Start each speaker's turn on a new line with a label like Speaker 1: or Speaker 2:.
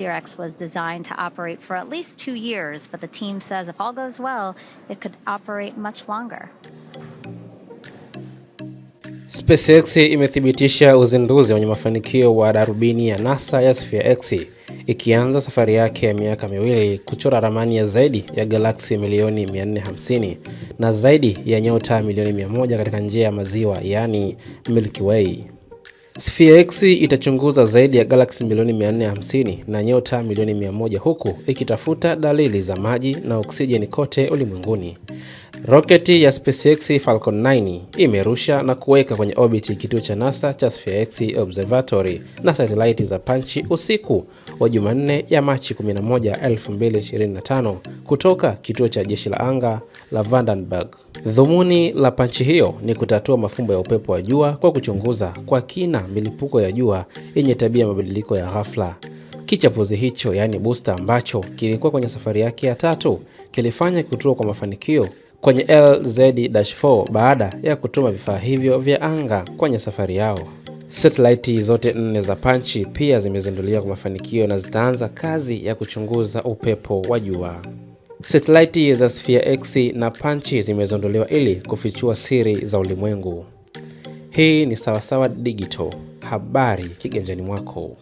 Speaker 1: t was designed to operate for at least two years, but the team says if all goes well, it could operate much longer.
Speaker 2: SpaceX imethibitisha uzinduzi wenye mafanikio wa darubini ya NASA ya Sphere X ikianza safari yake ya miaka miwili kuchora ramani ya zaidi ya galaksi milioni 450 na zaidi ya nyota milioni 100 katika njia ya maziwa yaani Milky Way. SphereX itachunguza zaidi ya galaksi milioni 450 na nyota milioni 100 huku ikitafuta dalili za maji na oksijeni kote ulimwenguni. Roketi ya SpaceX Falcon 9 imerusha na kuweka kwenye orbit kituo cha NASA cha SpaceX Observatory na satelaiti za Panchi usiku wa Jumanne ya Machi 11, 2025 kutoka kituo cha jeshi la anga la Vandenberg. Dhumuni la Panchi hiyo ni kutatua mafumbo ya upepo wa jua kwa kuchunguza kwa kina milipuko ya jua yenye tabia ya mabadiliko ya ghafla. Kichapuzi hicho yaani booster ambacho kilikuwa kwenye safari yake ya tatu kilifanya kutua kwa mafanikio kwenye LZ-4 baada ya kutuma vifaa hivyo vya anga kwenye safari yao. Satelaiti zote nne za Panchi pia zimezinduliwa kwa mafanikio na zitaanza kazi ya kuchunguza upepo wa jua. Satelaiti za Sphere X na Panchi zimezinduliwa ili kufichua siri za ulimwengu. Hii ni Sawasawa Digital, habari kiganjani mwako.